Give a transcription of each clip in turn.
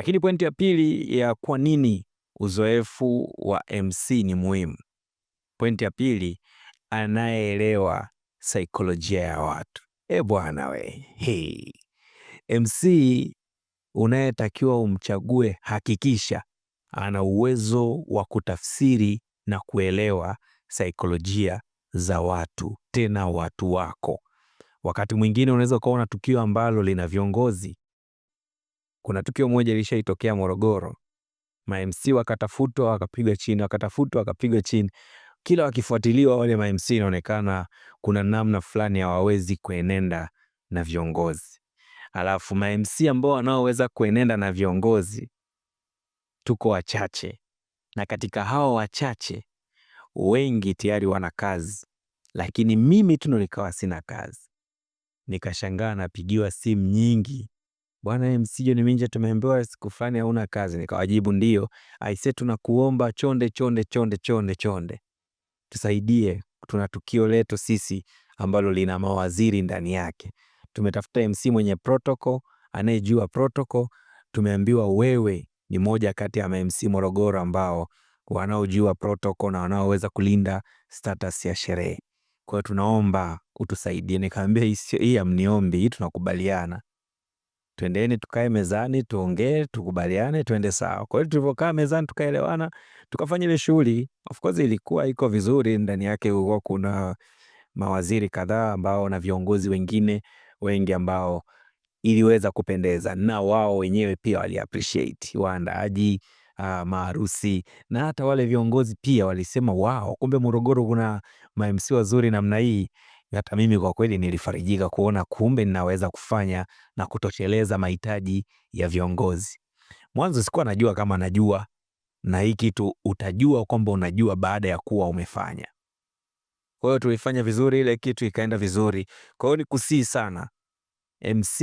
Lakini pointi ya pili ya kwa nini uzoefu wa MC ni muhimu, pointi ya pili, anayeelewa saikolojia ya watu. E bwana we, hey. MC unayetakiwa umchague, hakikisha ana uwezo wa kutafsiri na kuelewa saikolojia za watu, tena watu wako. Wakati mwingine unaweza ukaona tukio ambalo lina viongozi kuna tukio moja ilishaitokea Morogoro, ma MC wakatafutwa wakapigwa chini, wakatafutwa wakapigwa chini. Kila wakifuatiliwa wale ma MC, inaonekana kuna namna fulani hawawezi kuenenda na viongozi, alafu ma MC ambao wanaoweza kuenenda na viongozi tuko wachache, na katika hao wachache wengi tayari wana kazi, lakini mimi tu ndo nikawa sina kazi. Nikashangaa napigiwa simu nyingi bwana MC John Minja, tumeambiwa siku fulani hauna kazi. Nikawajibu ndio. Aise, tunakuomba chonde chonde chonde chonde chonde, tusaidie, tuna tukio letu sisi ambalo lina mawaziri ndani yake. Tumetafuta MC mwenye protocol, anayejua protocol. Tumeambiwa wewe ni moja kati ya MC Morogoro ambao wanaojua protocol na wanaoweza kulinda status ya sherehe. Kwa hiyo tunaomba utusaidie. Nikaambia hii amniombi, hii tunakubaliana twendeni tukae mezani tuongee, tukubaliane, twende sawa. Kwa hiyo tulivyokaa mezani tukaelewana, tukafanya ile shughuli. Of course ilikuwa iko vizuri, ndani yake huko kuna mawaziri kadhaa ambao na viongozi wengine wengi ambao iliweza kupendeza, na wao wenyewe pia wali appreciate waandaaji Uh, ah, maharusi na hata wale viongozi pia walisema wao, kumbe Morogoro kuna ma MC wazuri namna hii. Hata mimi kwa kweli nilifarijika kuona kumbe ninaweza kufanya na kutosheleza mahitaji ya viongozi. Mwanzo sikuwa najua kama najua, na hii kitu utajua kwamba unajua baada ya kuwa umefanya. Kwa hiyo tulifanya vizuri, ile kitu ikaenda vizuri. Kwa hiyo nikusihi sana MC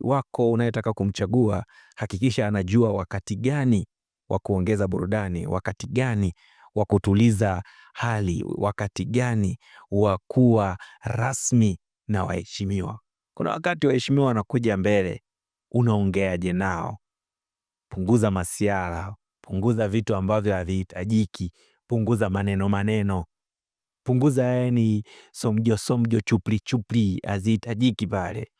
wako unayetaka kumchagua, hakikisha anajua wakati gani wa kuongeza burudani, wakati gani wa kutuliza hali, wakati gani wa kuwa rasmi na waheshimiwa. Kuna wakati waheshimiwa wanakuja mbele, unaongeaje nao? Punguza masiara, punguza vitu ambavyo havihitajiki, punguza maneno maneno, punguza yani somjo somjo, chupli chupli, hazihitajiki pale.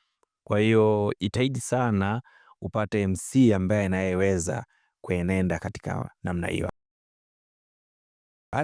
Kwa hiyo itaidi sana upate MC ambaye anayeweza kuenenda katika namna hiyo.